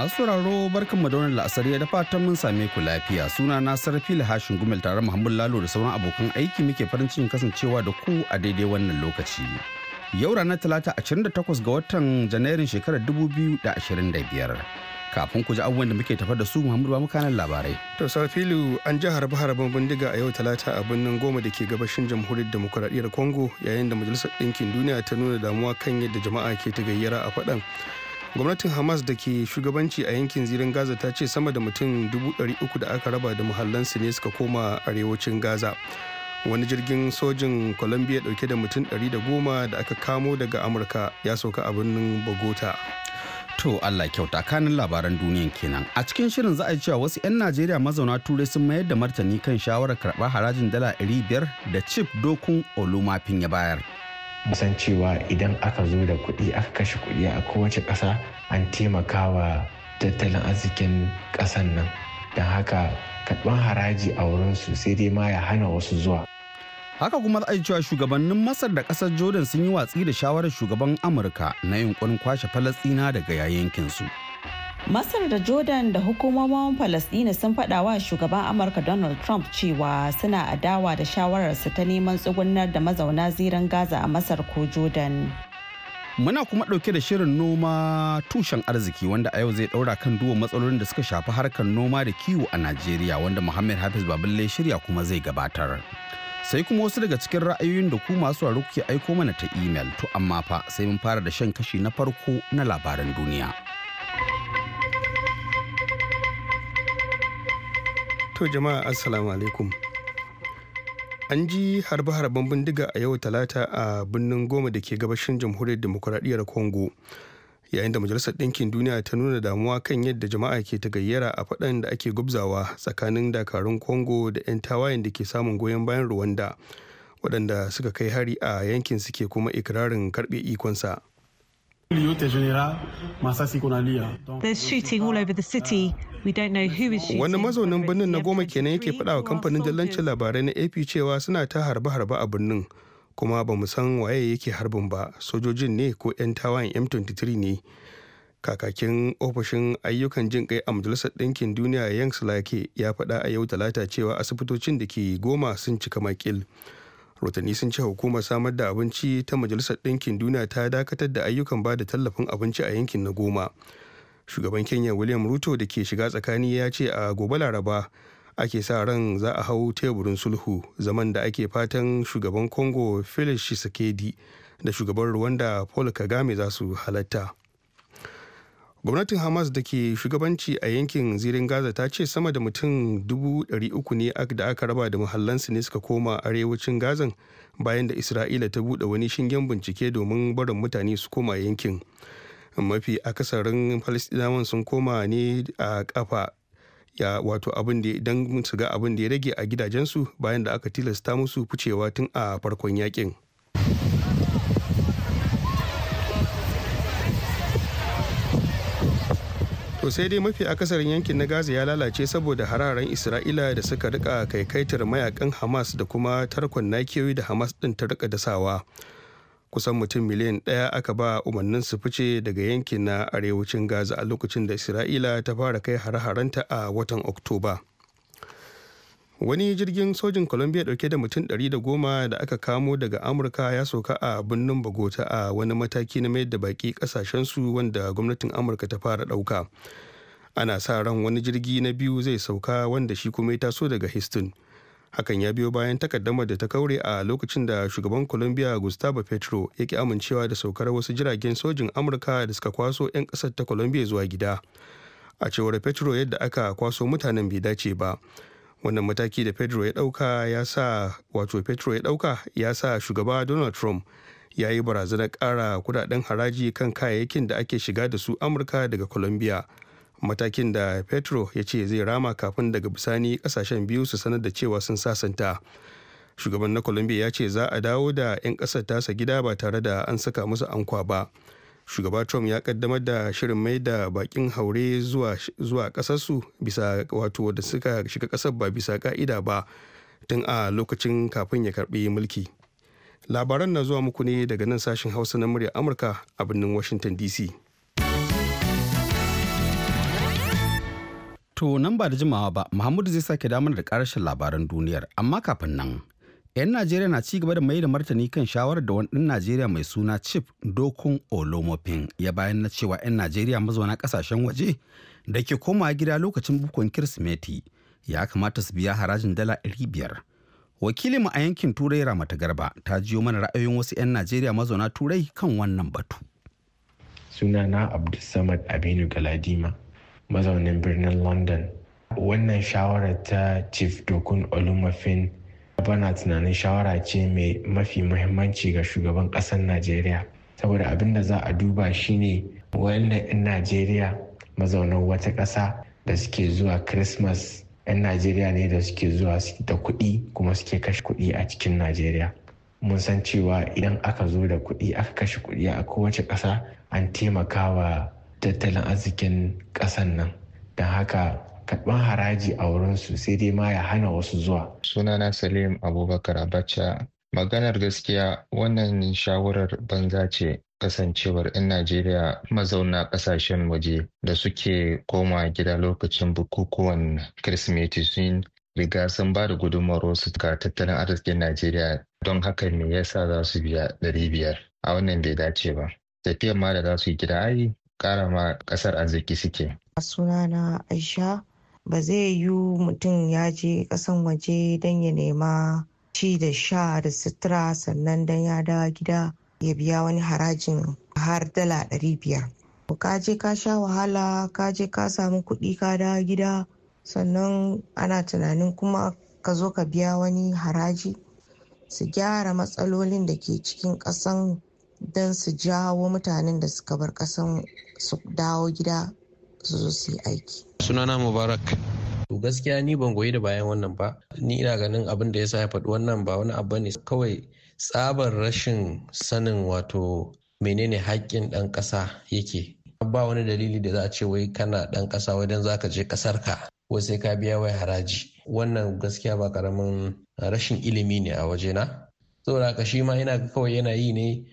masu sauraro barkan wannan la'asari da fatan mun same ku lafiya suna na la hashin gumel tare muhammad lalo da sauran abokan aiki muke farin cikin kasancewa da ku a daidai wannan lokaci yau rana talata 28 ga watan janairun shekarar 2025 kafin ku ji abubuwan da muke tafa da su muhammadu ba mukanan labarai to safilu an ji harbe-harben bindiga a yau talata a birnin goma da ke gabashin jamhuriyar demokuraɗiyyar congo yayin da majalisar ɗinkin duniya ta nuna damuwa kan yadda jama'a ke ta gayyara a faɗan gwamnatin hamas da ke shugabanci a yankin zirin gaza ta ce sama da mutum 300 da aka raba da muhallansu ne suka koma arewacin gaza wani jirgin sojin colombia dauke da mutum 110 da aka kamo daga amurka ya sauka a birnin bogota To Allah kyauta kanin labaran duniyan kenan. A cikin shirin za a cewa wasu 'yan Najeriya mazauna turai sun mayar da martani kan shawarar karɓar harajin dala 500 da cif dokun olumafin ya bayar. musan cewa idan aka zo da kuɗi aka kashe kuɗi a kowace ƙasa an taimakawa tattalin arzikin ƙasan nan don haka karɓan haraji a wurin su sai dai ma ya hana wasu zuwa haka kuma za a cewa shugabannin masar da ƙasar jordan sun yi watsi da shawarar shugaban amurka na yunkurin kwashe falastina daga yankinsu. su Masar da Jordan da hukumomin Falasɗina sun faɗa wa shugaban Amurka Donald Trump cewa suna adawa da shawararsa ta neman tsugunar da mazauna ziran Gaza a Masar ko Jordan. Muna kuma ɗauke da shirin noma tushen arziki wanda a yau zai ɗaura kan duwa matsalolin da suka shafi harkar noma da kiwo a Najeriya wanda Muhammad Hafiz Baballe shirya kuma zai gabatar. Sai kuma wasu daga cikin ra'ayoyin da ku masu raro kuke aiko mana ta imel to amma fa sai mun fara da shan kashi na farko na labaran duniya. To jama'a assalamu alaikum. An ji harbe-harben bindiga a yau talata a birnin goma da ke gabashin jamhuriyar demokuraɗiyyar Congo. Yayin da Majalisar Ɗinkin Duniya ta nuna damuwa kan yadda jama'a ke gayyara a faɗan da ake gubzawa tsakanin dakarun Congo da 'yan tawayen da ke samun goyon bayan Rwanda, waɗanda suka kai hari a yankin suke kuma ikirarin karɓe ikonsa. There's shooting all over Wani mazaunin birnin na goma kenan yake faɗa wa kamfanin jallancin labarai na AP cewa suna ta harbe-harbe a birnin kuma ba san waye yake harbin ba sojojin ne ko 'yan tawayen M23 ne. Kakakin ofishin ayyukan jin kai a Majalisar Ɗinkin Duniya Yang Slake ya faɗa a yau talata cewa asibitocin da ke goma sun cika makil. rotanni sun ce hukumar samar da abinci ta majalisar ɗinkin duniya ta dakatar da ayyukan ba da tallafin abinci a yankin na goma shugaban kenya william ruto da ke shiga tsakani ya ce a gobe laraba ake sa ran za a hau teburin sulhu zaman da ake fatan shugaban congo felix shisekedi da shugaban rwanda paul kagame za su halatta gwamnatin hamas da ke shugabanci a yankin zirin gaza ta ce sama da mutum 300 ne da aka raba da muhallansu ne suka koma arewacin gazan bayan da isra'ila ta bude wani shingen bincike domin barin mutane su koma yankin mafi akasarin falistinawan sun koma ne a kafa ya wato abin da don su ga abin da ya rage a gidajensu bayan da aka tilasta musu ficewa tun a farkon yakin. to sai dai mafi akasarin yankin na gaza ya lalace saboda hararen isra'ila da suka rika kaikaitar mayakan hamas da kuma tarkon nakiyoyi da hamas din ta rika dasawa kusan mutum miliyan ɗaya aka ba umarnin su fice daga yankin na arewacin gaza a lokacin da isra'ila ta fara kai hare-harenta a watan oktoba wani jirgin sojin colombia dauke da mutum 110 da goma da aka kamo daga amurka ya sauka a birnin bogota a wani mataki na mayar da baki kasashensu wanda gwamnatin amurka ta fara dauka ana sa ran wani jirgi na biyu zai sauka wanda shi kuma ya taso daga houston hakan ya biyo bayan takaddamar da ta kaure a lokacin da shugaban colombia gustavo petro ya ki amincewa da saukar wasu jiragen sojin amurka da suka kwaso 'yan ƙasar ta colombia zuwa gida a cewar petro yadda aka kwaso mutanen bai dace ba wannan mataki da pedro ya dauka ya sa wato petro ya dauka ya sa shugaba donald trump ya yi barazanar kara kudaden haraji kan kayayyakin da ake shiga da su amurka daga colombia matakin da petro ya ce zai rama kafin daga bisani kasashen biyu su sanar da cewa sun sasanta shugaban na colombia ya ce za a dawo da 'yan kasar tasa gida ba tare da an saka musu ankwa ba shugaba trump ya kaddamar da shirin mai da bakin haure zuwa kasarsu bisa wato da suka shiga kasar ba bisa ka'ida ba tun a lokacin kafin ya karbi mulki labaran na zuwa muku ne daga nan sashen hausa na murya amurka a birnin washington dc to nan ba da jimawa ba muhammadu zai sake damar da karashin labaran duniyar amma kafin nan 'yan najeriya na ci gaba da mai da martani kan shawarar da wani najeriya mai suna chief dokun olomofin ya bayan na cewa 'yan najeriya mazauna kasashen waje da ke koma gida lokacin bukon kirsimeti ya kamata su biya harajin dala biyar. wakilinmu a yankin turai ramata garba ta jiyo mana ra'ayoyin wasu 'yan najeriya mazauna turai kan wannan batu sunana abdulsamad aminu galadima mazaunin birnin london wannan shawarar ta chief dokun Olomofin. bana tunanin shawara ce mai mafi muhimmanci ga shugaban ƙasar najeriya saboda abin da za a duba shine wanda 'yan najeriya mazaunan wata ƙasa da suke zuwa christmas 'yan najeriya ne da suke zuwa da kuɗi kuma suke kashe kuɗi a cikin najeriya mun san cewa idan aka zo da kuɗi aka kashe kuɗi a kowace ƙasa an taimaka wa tattalin arzikin ƙasan nan don haka karɓan haraji a wurinsu sai dai ma ya hana wasu zuwa. Sunana Salim Abubakar Abacha maganar gaskiya wannan shawarar banza ce kasancewar 'yan Najeriya mazauna ƙasashen waje da suke koma gida lokacin bukukuwan Kirsimeti sun riga sun ba da wasu ga tattalin arzikin Najeriya don haka me yasa za su biya ɗari biyar a wannan bai dace ba. Tafiyar ma da za su yi gida ai ƙara ma ƙasar arziki suke. sunana Aisha ba zai yiwu mutum ya je ƙasan waje don ya nema ci da sha da sutura sannan don ya dawo gida ya biya wani harajin har dala ɗari biyar ka je ka sha wahala ka je ka samu kuɗi ka dawo gida sannan ana tunanin kuma ka zo ka biya wani haraji su gyara matsalolin da ke cikin ƙasan don su jawo mutanen da suka bar ƙasan su dawo gida su zo su yi aiki sunana mubarak to gaskiya ni ban goyi da bayan wannan ba ni ina ganin abin da yasa ya faɗi wannan ba wani abu ne kawai tsabar rashin sanin wato menene haƙƙin ɗan ƙasa yake ba wani dalili da za a ce wai kana ɗan ƙasa wajen za ka je ƙasar ka wai sai ka biya wai haraji wannan gaskiya ba karamin rashin ilimi ne a waje saboda haka shi ma yana kawai yana yi ne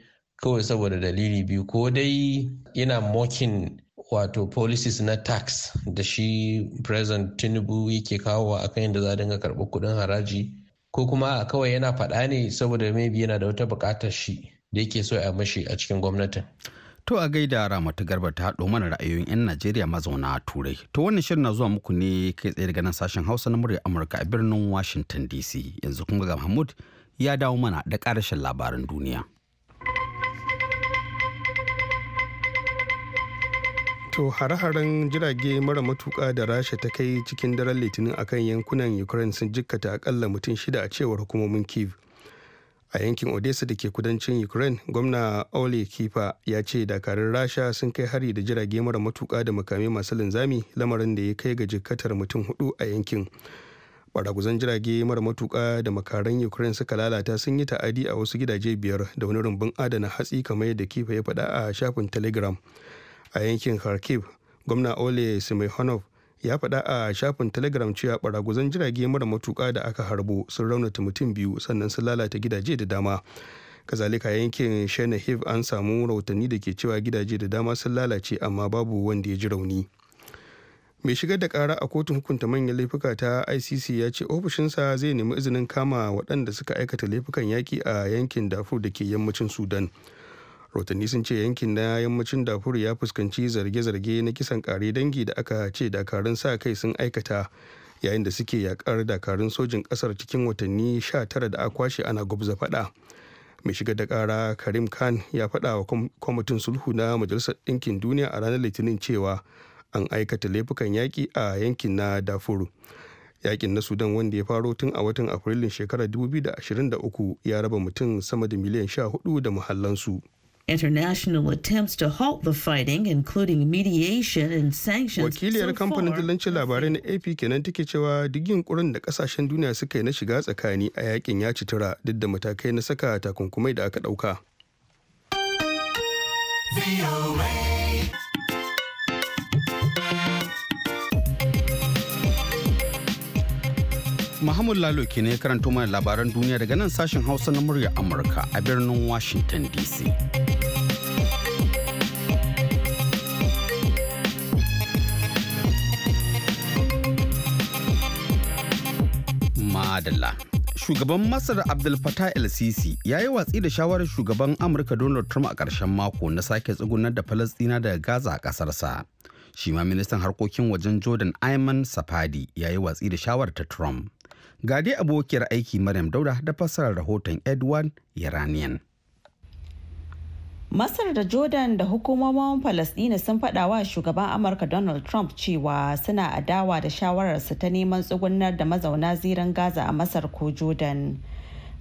kawai saboda dalili biyu ko dai yana mokin wato policies na tax da shi president tinubu yake kawowa akan yadda za a dinga karɓar kuɗin haraji ko kuma kawai yana faɗa ne saboda maybe yana da wata bukatar shi da yake so a mashi a cikin gwamnatin. To a gaida Ramatu Garba ta haɗo mana ra'ayoyin 'yan Najeriya mazauna Turai. To wannan shirin na zuwa muku ne kai tsaye daga nan sashen Hausa na murya Amurka a birnin Washington DC. Yanzu kuma ga Mahmud ya dawo mana da karashin labaran duniya. To hare-haren jirage mara matuka da rasha ta kai cikin daren litinin akan yankunan Ukraine sun jikkata akalla mutum shida a cewar hukumomin Kiev. A yankin Odessa da ke kudancin Ukraine, gwamna Ole Kifa ya ce dakarun rasha sun kai hari da jirage mara matuka da makamai masu linzami lamarin da ya kai ga jikkatar mutum hudu a yankin. ɓaraguzan jirage mara matuka da makaran ukraine suka lalata sun yi ta'adi a wasu gidaje biyar da wani rumbun adana hatsi kamar yadda kifa ya faɗa a shafin telegram a yankin kharkiv gwamna ole simihonov ya faɗa a shafin telegram cewa baraguzan jirage mara matuƙa da aka harbo sun raunata mutum biyu sannan sun lalata gidaje da dama kazalika yankin shenahiv an samu rahotanni da ke cewa gidaje da dama sun lalace amma babu wanda ya ji rauni mai shigar da kara a kotun hukunta manyan laifuka ta icc ya ce ofishinsa zai nemi izinin kama waɗanda suka aikata laifukan yaƙi a yankin dafur da ke yammacin sudan rotanni sun ce yankin na yammacin dafur ya fuskanci zarge-zarge na kisan kare dangi da aka ce dakarun sa kai sun aikata yayin da suke yakar dakarun sojin kasar cikin watanni 19 da aka kwashe ana gubza fada mai shiga da kara karim khan ya faɗa wa kwamitin sulhu na majalisar ɗinkin duniya a ranar litinin cewa an aikata laifukan yaƙi a yankin na dafur yakin na sudan wanda ya faro tun a watan afrilun shekarar 2023 ya raba mutum sama da miliyan 14 da muhallansu. International attempts to halt the fighting, including mediation and sanctions. Wakiliyar kamfanin dillancin labarai na AP kenan take cewa duk yunkurin da kasashen duniya suka yi na shiga tsakani a yakin ya citura duk da matakai na saka takunkumai da aka dauka. Muhammad Lalo ke ne karanto mana labaran duniya daga nan sashen Hausa na murya Amurka a birnin Washington DC. Madalla. Shugaban Masar Abdul Fattah el-Sisi ya yi watsi da shawarar shugaban Amurka Donald Trump a ƙarshen mako na sake tsugunar da Falasɗina daga Gaza a ƙasarsa. Shi ma ministan harkokin wajen Jordan Ayman Safadi ya yi watsi da shawarar ta Trump. Ga abokiyar aiki Maryam Dauda da fassarar rahoton Edward Iranian. Masar da Jordan da hukumomin Falasdina sun faɗa wa shugaban Amurka Donald Trump cewa suna adawa da shawararsa ta neman tsugunar da mazauna ziran Gaza a Masar ko Jordan.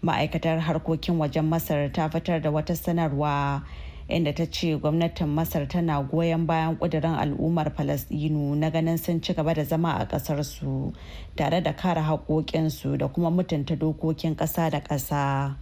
Ma'aikatar harkokin wajen Masar ta fitar da wata sanarwa inda ta ce gwamnatin masar tana goyon bayan kudirin al'ummar falasɗinu na ganin sun ci gaba da zama a su tare da kare haƙoƙinsu da kuma mutunta dokokin ƙasa da ƙasa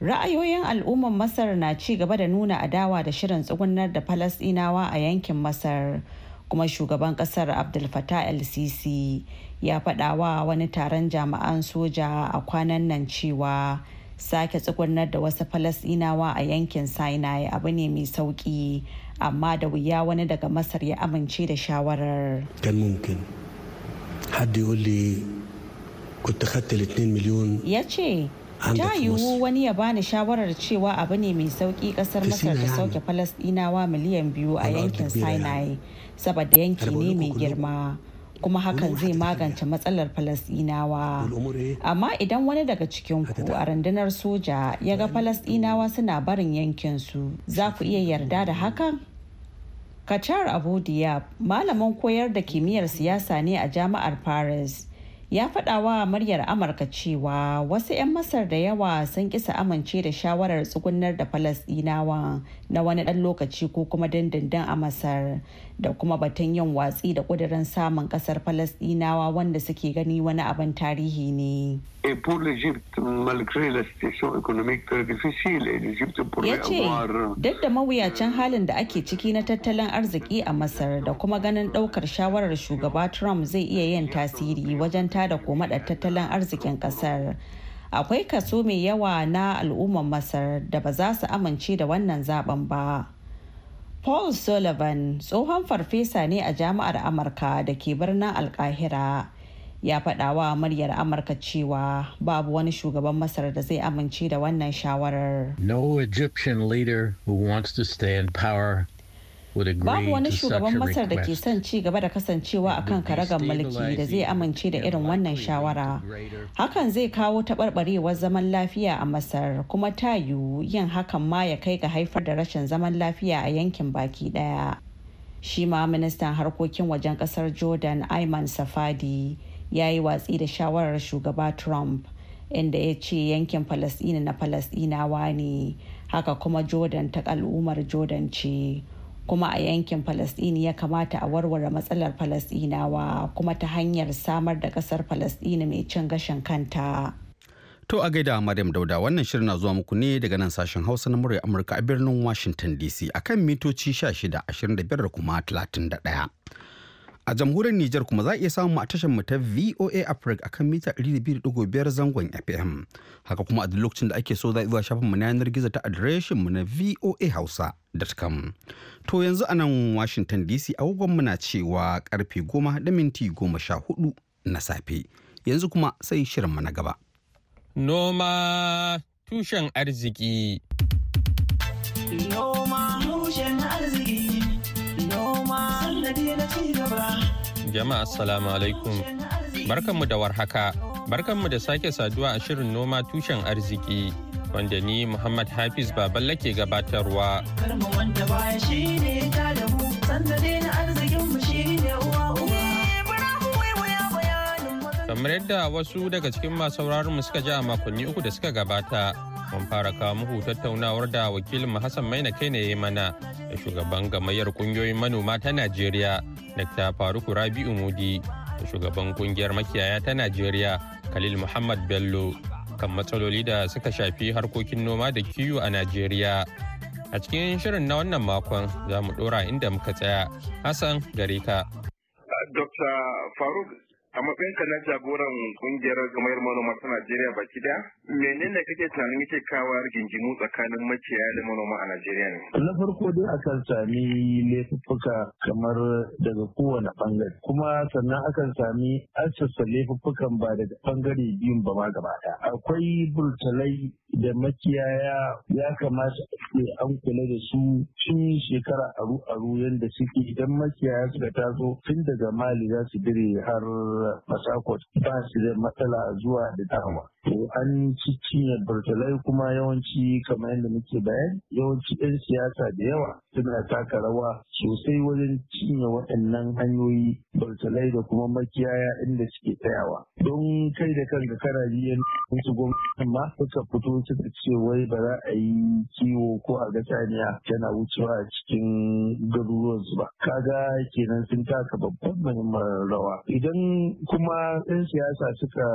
ra'ayoyin al'ummar masar na ci gaba da nuna adawa da shirin tsugunar da falasɗinawa a yankin masar kuma shugaban kasar abdul fatah el sisi ya faɗawa wani taron jami'an soja a kwanan nan cewa sake tsugunar da wasu falasinawa a yankin sinai abu ne mai sauki amma da wuya wani daga masar ya amince da shawarar ya ce ta yiwu wani ya bani shawarar cewa abu ne mai sauki kasar masar da sauke falasinawa miliyan biyu a yankin sinai saboda yanki ne mai girma kuma hakan zai magance matsalar falasdinawa amma idan wani daga cikin ku a rundunar soja ya ga falasdinawa suna barin yankinsu za ku iya yarda da hakan kachar abodiyab malamin koyar da kimiyyar siyasa ne a jami'ar paris ya faɗa wa muryar amurka cewa wasu 'yan masar da yawa sun kisa amince da shawarar tsugunar da falasɗinawa na wani ɗan lokaci ko kuma dandandan a masar da kuma batun yin watsi da ƙudurin samun ƙasar falasɗinawa wanda suke gani wani abin tarihi ne Et pour l'Égypte, malgré la situation économique très difficile, l'Égypte pourrait ya ce duk da mawuyacin halin da ake ciki na tattalin arziki a masar da kuma ganin daukar shawarar shugaba trump zai iya yin tasiri wajen tada da tattalin arzikin kasar akwai kaso mai yawa na al'ummar masar da ba za su amince da wannan zaben ba paul sullivan tsohon farfesa ne a jami'ar amurka da ke birnin alkahira ya faɗawa muryar amurka cewa babu wani shugaban masar da zai amince da wannan shawarar no egyptian leader who wants to stay in power babu wani shugaban masar da ke son ci gaba da kasancewa a kan karagar mulki da zai amince da irin wannan shawara hakan zai kawo taɓarɓarewar zaman lafiya a masar kuma ta yiwu yin hakan ma ya kai ga haifar da rashin zaman lafiya a yankin baki ɗaya shi ma ministan harkokin wajen ƙasar jordan ayman safadi ya yi watsi da shawarar shugaba trump inda ya ce yankin falasɗina na falasɗinawa ne haka kuma jordan ta al'ummar jordan ce kuma a yankin falasɗini ya kamata a warware matsalar falasɗinawa kuma ta hanyar samar da kasar falasɗini mai cin gashin kanta to a gaida maryam dauda wannan shirin na zuwa muku ne daga nan sashen hausa na murya amurka a birnin washington dc akan mitoci 16 25 da kuma 31 A jamhuriyar Nijar kuma za a iya samun a tashar mu ta VOA Africa akan mita 200.5 zangon FM. Haka kuma a duk lokacin da ake so za a zuwa shafin mu na yanar gizo ta adireshin mu na voahausa.com. To yanzu a nan Washington DC agogon mu na cewa karfe 10 da minti 14 na safe. Yanzu kuma sai shirin mu na gaba. Noma tushen arziki. No. Jama'a Assalamu alaikum. Barkanmu da warhaka. Barkanmu da sake saduwa a shirin noma tushen arziki wanda ni Muhammad Hafiz Baballa ke gabatarwa. Kamar yadda wasu daga cikin masu mu suka ji a makonni uku da suka gabata, mun fara kawo muku tattaunawar da wakilin Hassan Maina kai ne mana da shugaban gamayyar kungiyoyin manoma ta Najeriya Dr. Faruk Rabi'u Mudi da shugaban kungiyar makiyaya ta Najeriya Khalil Muhammad Bello kan matsaloli da suka shafi harkokin noma da kiwo a Najeriya. A cikin shirin na wannan makon za mu dora inda muka tsaya. Hassan gare ka. Dr. Faruk a matsayinka na jagoran kungiyar gamayar manoma ta Najeriya baki daya menene kake tunanin yake kawo rigingimu tsakanin maciya da manoma a Najeriya ne na farko dai akan sami laifuffuka kamar daga kowane bangare kuma sannan akan sami asassa laifuffukan ba daga bangare biyun ba ma gaba akwai burtalai da makiyaya ya kamata ce an kula da su tun shekara aru aru yadda suke idan makiyaya suka taso tun daga mali za su dire har daga ba su da matsala zuwa da dama. to an cicciye burtalai kuma yawanci kamar yadda muke bayani yawanci 'yan siyasa da yawa suna taka rawa sosai wajen cinye waɗannan hanyoyi burtalai da kuma makiyaya inda suke tsayawa don kai da kanka kana biyan wasu gwamnatin ma suka fito suka ce wai ba za a yi kiwo ko a ga saniya tana wucewa a cikin garuruwansu ba kaga kenan sun taka babban muhimmar rawa idan kuma 'yan siyasa suka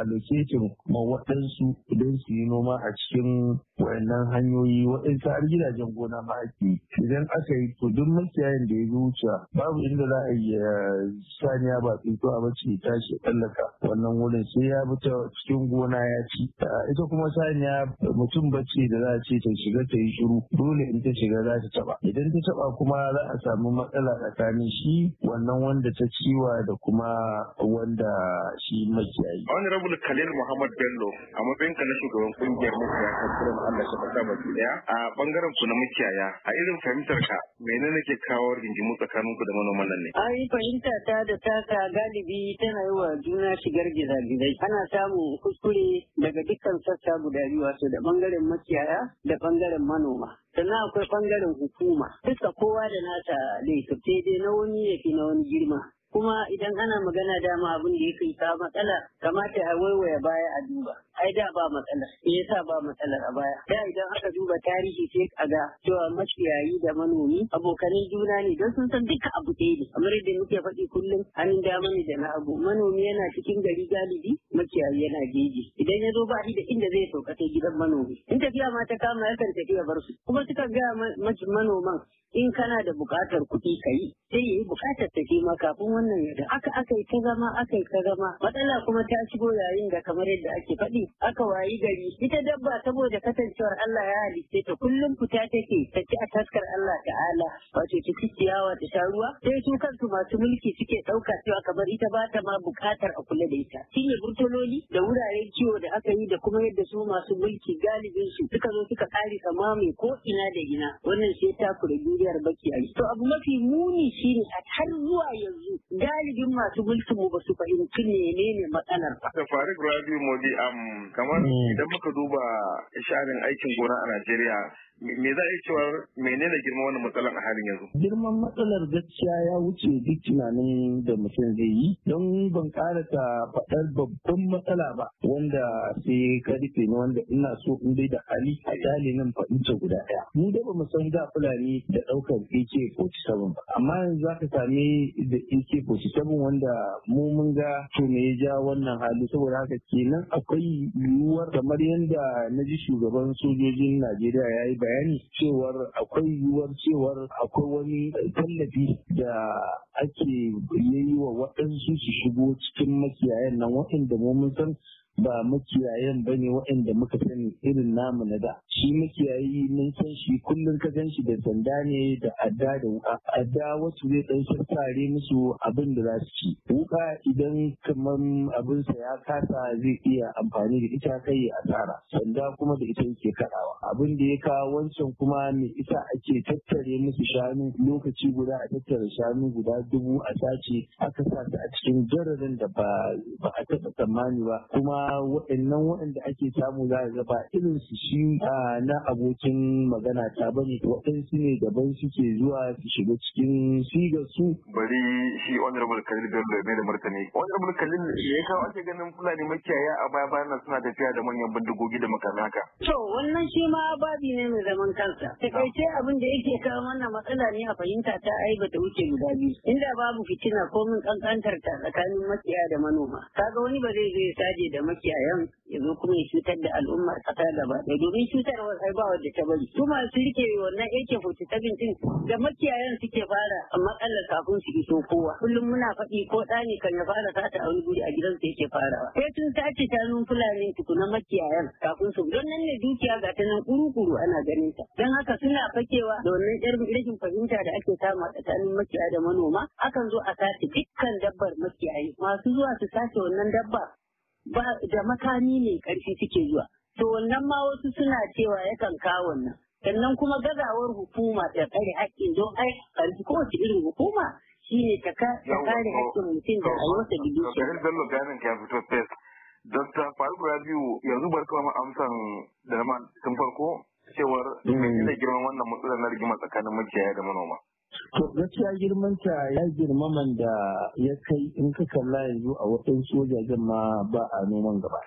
allocated yankin kuma waɗansu idan su yi noma a cikin wayannan hanyoyi waɗansu har gidajen gona ma ake idan aka yi to duk makiyayin da ya zo wuce babu inda za a yi eh, saniya ba tsinto a bace ya tashi tsallaka wannan wurin sai ya bi cikin gona ya ci ah, ita kuma saniya mutum bace da za a ce ta shiga ta yi shiru dole in ta shiga za ta taba idan ta taba kuma za a samu matsala tsakanin shi wannan wanda ta ciwa da kuma wanda shi makiyayi. Honorable Khalil Muhammad Bello a matsayinka na shugaban kungiyar makiyayi Allah fasa baki daya a bangaren ku na makiyaya a irin fahimtar ka menene nake kawo rigingimu tsakanin ku da manoman nan ne ai fahimta ta da taka galibi tana yi wa juna shigar gizagizai ana samun kuskure daga dukkan sassa guda biyu wato da bangaren makiyaya da bangaren manoma sannan akwai bangaren hukuma duka kowa da nata laifin sai dai na wani ya fi na wani girma kuma idan ana magana dama abin da ya kai matsala kamata a waiwaya baya a duba ai da ba matsala me yasa ba matsalar a baya da idan aka duba tarihi sai a ga cewa makiyayi da manomi abokanai juna ne don sun san duka abu ɗaya ne kamar yadda muke faɗi kullum hannun dama ne da na abu manomi yana cikin gari galibi makiyayi yana jeji idan ya zo ba shi da inda zai sauka sai gidan manomi in tafiya ma ta kama yakan tafiya bar su kuma sukan gaya manoman in kana da buƙatar kuɗi ka yi sai ya yi buƙatar ta ke ma kafin wannan yadda aka aka yi ta zama aka yi ta zama matsala kuma ta shigo yayin da kamar yadda ake faɗi aka wayi gari ita dabba saboda kasancewar Allah ya halitte ta kullum fita take ta ci a taskar Allah ta'ala wato ta ci ciyawa ta sha ruwa sai su kansu masu mulki suke ɗauka cewa kamar ita ba ta ma buƙatar a kula da ita shine burtololi da wuraren kiwo da aka yi da kuma yadda su masu mulki galibin su suka zo suka kare kama mai ko ina da ina wannan sai ta kula duniyar baki a to abu mafi muni shine a har zuwa yanzu galibin masu mulkin mu ba su fahimci menene matsalar ba. Da Farid Rabi Modi am um, kamar mm. idan muka duba sharin aikin gona a Najeriya me za a yi cewa menene girma wannan matsalar a halin yanzu girman matsalar gaskiya ya wuce duk tunanin da mutum zai yi don ban ta faɗar babban matsala ba wanda sai ka rufe ni wanda ina so in dai da hali a kyale nan faɗin ta guda ɗaya mu da bamu san da fulani da ɗaukar AK47 ba amma yanzu za ka same da AK47 wanda mu mun ga to me ya ja wannan hali saboda haka kenan akwai yiwuwar kamar yadda na ji shugaban sojojin Najeriya ya yi bayani bayani cewar akwai yiwuwar cewar akwai wani tallafi da ake yi wa waɗansu su shigo cikin makiyayan nan waɗanda mu mun san ba makiyayen ba ne waɗanda muka sani irin namu na da shi makiyayi mun san shi kullum ka gan shi da sanda ne da adda da wuka adda wasu zai ɗan sassare musu abin da za su ci wuka idan kamar abinsa ya kasa zai iya amfani da ita kai ya asara sanda kuma da ita yake kaɗawa abin da ya kawo wancan kuma mai isa ake tattare musu shanu lokaci guda a tattara shanu guda dubu a sace aka sa su a cikin jararin da ba a taɓa tsammani ba kuma waɗannan waɗanda ake samu za a zaba irin su shi na abokin magana ta bane waɗansu ne daban suke zuwa su shiga cikin sigar su. Bari shi Honorable kalil Bello mai da martani. Honorable kalil ya kawo ake ganin Fulani makiyaya a baya bayan nan suna tafiya da manyan bindigogi da makamai haka. To wannan shi ma babi ne mai zaman kansa. Takaice abin da yake kawo wannan matsala ne a fahimta ta ai bata wuce guda biyu. Inda babu fitina ko min kankantar ta tsakanin makiyaya da manoma. Kaga wani ba zai zai saje da makiyayan ya zo kuma ya cutar da al'ummar kasa gaba da domin cutarwar ai ba wadda ta bari su masu rike wannan yake fuci ta bincin da makiyayan suke fara matsalar kafin su iso kowa kullum muna faɗi ko ɗani kan ya fara sata a wani guri a su yake farawa sai sun sace nun fulani tukuna makiyayan kafin su don nan ne dukiya ga ta nan kuru-kuru ana ganin ta don haka suna fakewa da wannan irin rashin fahimta da ake samu tsakanin makiyaya da manoma akan zo a sace dukkan dabbar makiyayi masu zuwa su sace wannan dabba da makami ne karfi suke zuwa to wannan ma wasu suna cewa yakan kawo wannan sannan kuma gazawar hukuma ta tsare haƙƙin don ai karfi ko wace irin hukuma shi ne ta kare haƙƙin mutum da a wata bidiyo. Garin Bello Ganin ya fito fes. Dokta Faruk Rabiu yanzu bar kama amsan da na tun farko cewar mm. me girman wannan matsalar na rigima tsakanin makiyaya da manoma. To gaskiya girmanta ya man da ya kai in ka kalla yanzu a wajen wajajen ma ba a noman gaba.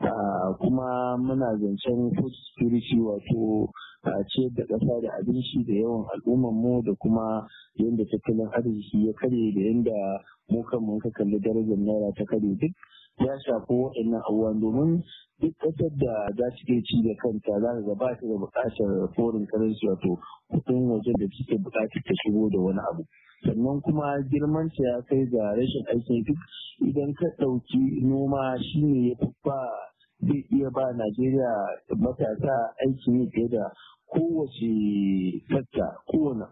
Ah, kuma muna zancen food security wato a ce da ƙasa da abinci da yawan al'ummar mu da kuma yadda tattalin arziki ya karye da yanda mu kan mun ka kalli darajar naira ta kare duk ya shafi waɗannan abubuwan domin duk ƙasar da za ta iya ci da kanta za ka gaba ta da buƙatar foreign currency wato kuɗin wajen da suke buƙatar ta shigo da wani abu sannan kuma girman ta ya kai ga rashin aikin duk idan ka ɗauki noma shine ya fi ba zai iya ba Najeriya matasa aikin yi fiye da kowace sakka kowane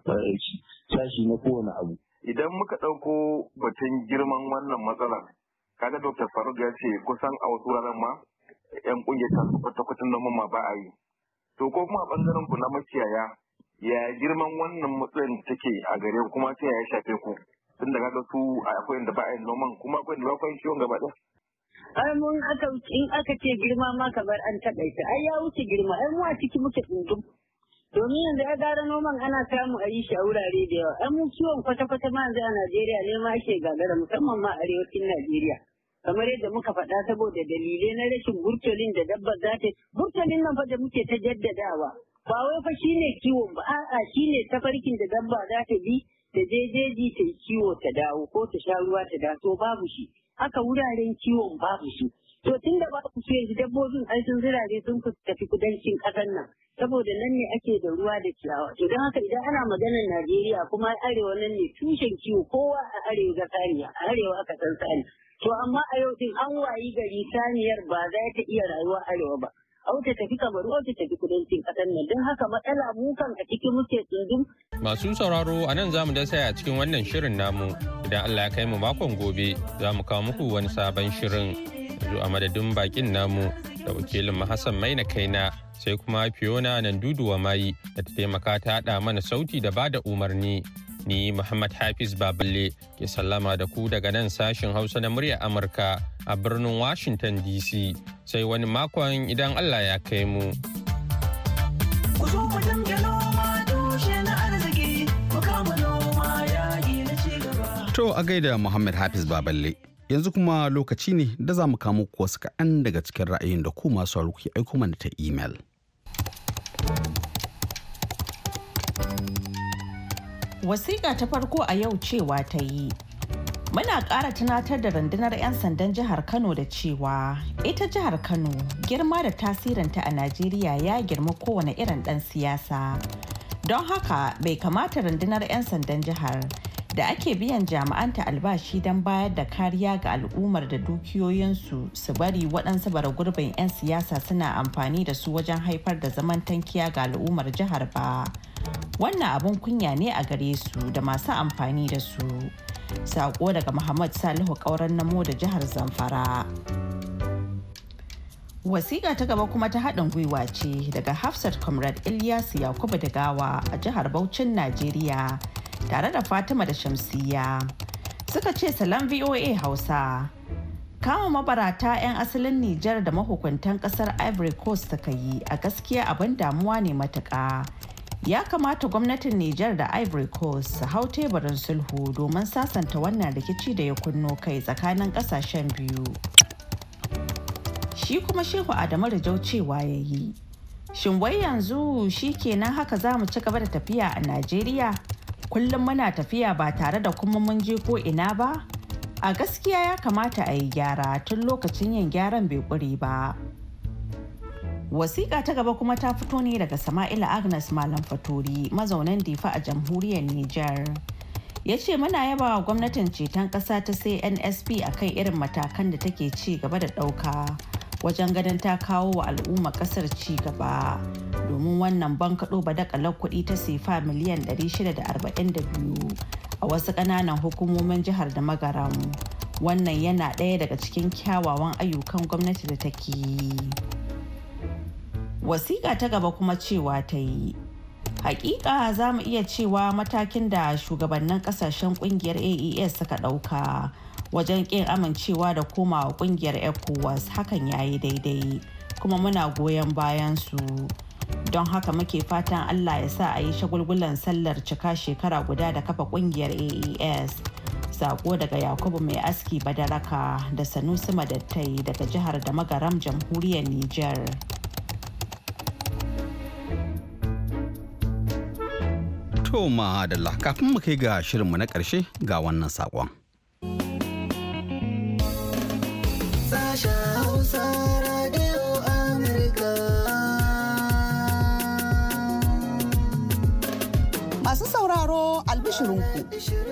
sashi na kowane abu. Idan muka ɗauko batun girman wannan matsalar kaga dr faruk ya ce kusan a wasu wuraren ma yan kungiyar kasu kwata-kwatan noma ma ba a yi to ko kuma a bangaren ku na makiyaya ya girman wannan matsayin take a gare ku kuma ta ya shafe ku tun da kaga su akwai da ba a yin noman kuma akwai da ba a yin ciwon gaba ɗaya ai mun aka in aka ce girma ma bar an ita ai ya wuce girma ai mu a ciki muke tsundum domin yanzu ya gara noman ana samu a yi shi a wurare da yawa ai mu kiwon kwata-kwata ma yanzu a Najeriya ne ma ake gagara musamman ma arewacin Najeriya kamar yadda muka faɗa saboda dalilai na rashin burtolin da dabba za ta burtolin nan fa da muke ta jaddadawa ba wai fa shine kiwon ba a'a shine tafarkin da dabba za ta bi da jejeji ta kiwo ta dawo ko ta sha ruwa ta da so babu shi haka wuraren kiwon babu su to tun da babu su yanzu dabbobin ai sun zirare sun tafi kudancin ƙasar nan saboda nan ne ake da ruwa da ciyawa to don haka idan ana maganar Najeriya kuma arewa nan ne tushen kiwo kowa a arewa ga a arewa aka san tsari To amma a yau din an wayi gari saniyar ba za ta iya rayuwa a arewa ba. Au ta tafi kamar au tafi kudancin ƙasar nan don haka matsala mu kan a cikin muke tsundum. Masu sauraro a nan zamu da saya a cikin wannan shirin namu idan Allah ya kai mu makon gobe za mu kawo muku wani sabon shirin. Yanzu a madadin bakin namu da wakilin Mahassan Maina Kaina sai kuma Fiona duduwa Mayi da ta taimaka ta haɗa mana sauti da bada umarni. Ni Muhammad Hafiz Baballe ke sallama da ku daga nan sashin Hausa na muryar Amurka a birnin Washington DC sai wani makon idan Allah ya kai mu. To a gaida Muhammad Hafiz Baballe. Yanzu kuma lokaci ne da za mu kamo wasu kaɗan daga cikin ra'ayin da ku masu aiko mana ta imel. Wasiƙa ta farko a yau cewa ta yi. Muna ƙara tunatar da rundunar 'yan sandan jihar Kano da cewa ita jihar Kano girma da tasirinta a Najeriya ya girma kowane irin ɗan siyasa. Don haka bai kamata rundunar 'yan sandan jihar da ake biyan jami'anta albashi don bayar da kariya ga al'ummar da dukiyoyinsu su bari waɗansu bara gurbin 'yan siyasa suna amfani da su wajen haifar da zaman tankiya ga al'ummar jihar ba. wannan abin kunya ne a gare su da masu amfani da su saƙo daga muhammad salihu kauran namo da jihar zamfara wasiƙa ta gaba kuma ta haɗin gwiwa ce daga hafsat comrade ilyas yakubu da gawa a jihar Bauchin najeriya tare da fatima da shamsiya suka ce salam voa hausa kama mabarata 'yan asalin nijar da mahukuntan kasar ivory coast suka yi a gaskiya abin damuwa ne matuƙa ya kamata gwamnatin Nijar da Ivory Coast su hau teburin sulhu domin sasanta wannan rikici da ya kunno kai tsakanin kasashen biyu. Shi kuma Shehu Adamu Rijau cewa ya yi. Shin wai yanzu shi kenan haka za mu ci gaba da tafiya a Najeriya? Kullum muna tafiya ba tare da kuma mun je ko ina ba? A gaskiya ya kamata a yi gyara tun lokacin yin gyaran bai ƙuri ba. wasiƙa ta gaba kuma ta fito ne daga sama'ila agnes malam fatori mazaunan difa a jamhuriyar niger ya ce muna yaba wa gwamnatin ceton ƙasa ta cnsp a kan irin matakan da take ci gaba da ɗauka wajen ganin ta kawo wa al'umma ƙasar ci gaba domin wannan bankaɗo badakalar kuɗi ta sefa miliyan 642 a wasu ƙananan hukumomin jihar da magaram wannan yana ɗaya daga cikin kyawawan ayyukan gwamnati da take yi. wasiƙa ta gaba kuma cewa ta yi hakika za mu iya cewa matakin da shugabannin kasashen kungiyar aes suka ɗauka wajen ƙin amincewa da komawa kungiyar ecowas hakan ya yi daidai kuma muna goyon bayan su don haka muke fatan allah ya sa a yi shagulgulan sallar cika shekara guda da kafa kungiyar aes sako daga yakubu mai aski badaraka da sanusi madattai daga jihar da magaram jamhuriyar niger To mahadalla kafin mu kai ga shirinmu na ƙarshe ga wannan saƙon. Masu sauraro albishirinku,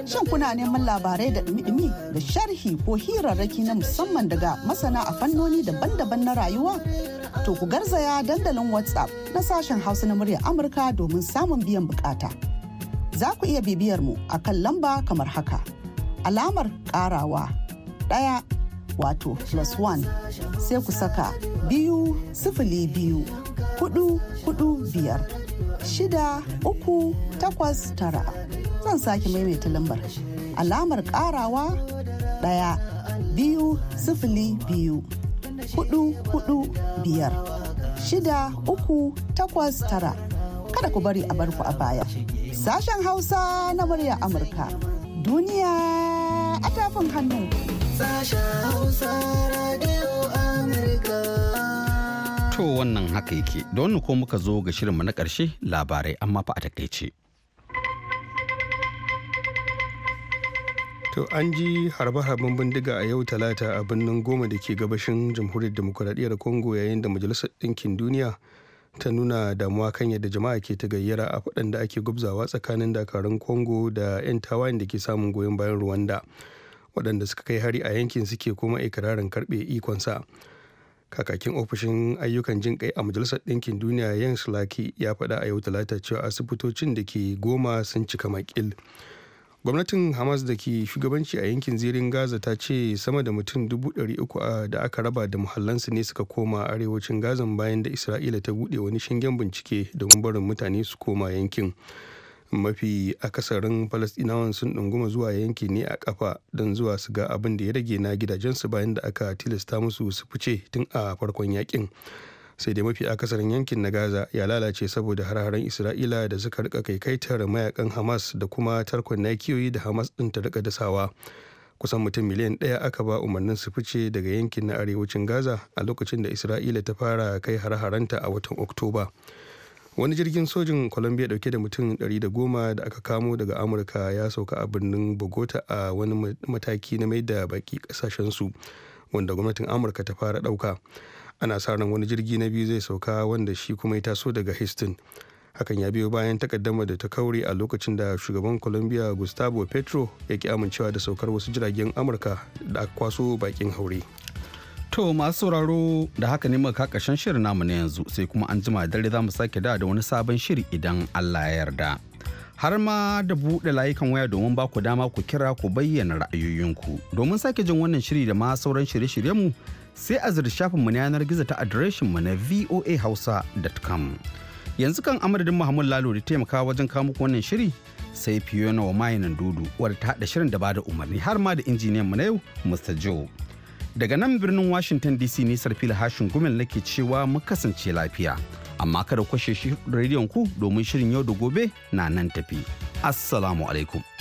shin kuna neman labarai da ɗumi-ɗumi da sharhi ko hirarraki na musamman daga masana a fannoni daban-daban na rayuwa? To ku garzaya dandalin WhatsApp na sashen Hausa na murya Amurka domin samun biyan bukata. za ku iya bibiyar mu a kan lamba kamar haka. Alamar karawa ɗaya wato plus one sai ku saka biyu sifili biyu hudu hudu biyar shida uku takwas tara zan sake maimaita lambar alamar karawa ɗaya biyu sifili biyu hudu hudu biyar shida uku takwas tara kada ku bari a barku a baya. Sashen Hausa na murya Amurka. Duniya a tafin hannu. To wannan haka yake, don ko muka zo ga shirinmu na karshe labarai amma fa a takaice. To an ji harbe-harben bindiga a yau talata a birnin goma da ke gabashin jamhuriyar demokuraɗiyyar Congo yayin da Majalisar Ɗinkin Duniya ta nuna damuwa kan yadda jama'a ke ta gayyara a faɗan da ake gubzawa tsakanin dakarun congo da 'yan tawayen da ke samun goyon bayan rwanda waɗanda suka kai hari a yankin suke kuma ikirarin karɓe ikonsa kakakin ofishin ayyukan jin kai a majalisar ɗinkin duniya yan slaki ya faɗa a yau talata cewa asibitocin da ke goma sun cika makil gwamnatin hamas da ke shugabanci a yankin zirin gaza ta ce sama da mutum 300 da aka raba da muhallansu ne suka koma arewacin gazan bayan da isra'ila ta bude wani shingen bincike domin barin mutane su koma yankin mafi akasarin falastinawan sun ɗunguma zuwa yanki ne a kafa don zuwa su ga abin da ya rage na gidajensu bayan da aka tilasta musu su fice tun a farkon yakin sai dai mafi akasarin yankin na gaza ya lalace saboda har isra'ila da suka rika kai tara mayakan hamas da kuma tarkon nakiyoyi da hamas din ta rika dasawa kusan mutum miliyan ɗaya aka ba umarnin su fice daga yankin na arewacin gaza a lokacin da isra'ila ta fara kai har a watan oktoba wani jirgin sojin colombia dauke da mutum 110 da aka kamo daga amurka ya sauka a birnin bogota a wani mataki na mai da baki kasashen su wanda gwamnatin amurka ta fara dauka ana sa ran wani jirgi na biyu zai sauka wanda shi kuma ya taso daga houston hakan ya biyo bayan takaddama da ta kauri a lokacin da shugaban colombia gustavo petro ya ki amincewa da saukar wasu jiragen amurka da aka kwaso bakin haure to masu sauraro da haka ne muka kakashen shirin namu na yanzu sai kuma an jima dare za mu sake da da wani sabon shiri idan allah ya yarda har ma da buɗe layukan waya domin ba ku dama ku kira ku bayyana ra'ayoyinku domin sake jin wannan shiri da ma sauran shirye-shiryenmu sai a zira shafinmu na yanar gizo ta adireshinmu na voahausa.com. Yanzu kan amadadin Muhammad Lalo da taimaka wajen kamo wannan shiri sai Fiona wa mayanan dudu wadda ta haɗa shirin da ba da umarni har ma da injiniyan mu na yau Mr. Joe. Daga nan birnin Washington DC ne Sarfil Hashin Gumel nake cewa mu kasance lafiya. Amma kada kwashe shi rediyon ku domin shirin yau da gobe na nan tafi. Assalamu alaikum.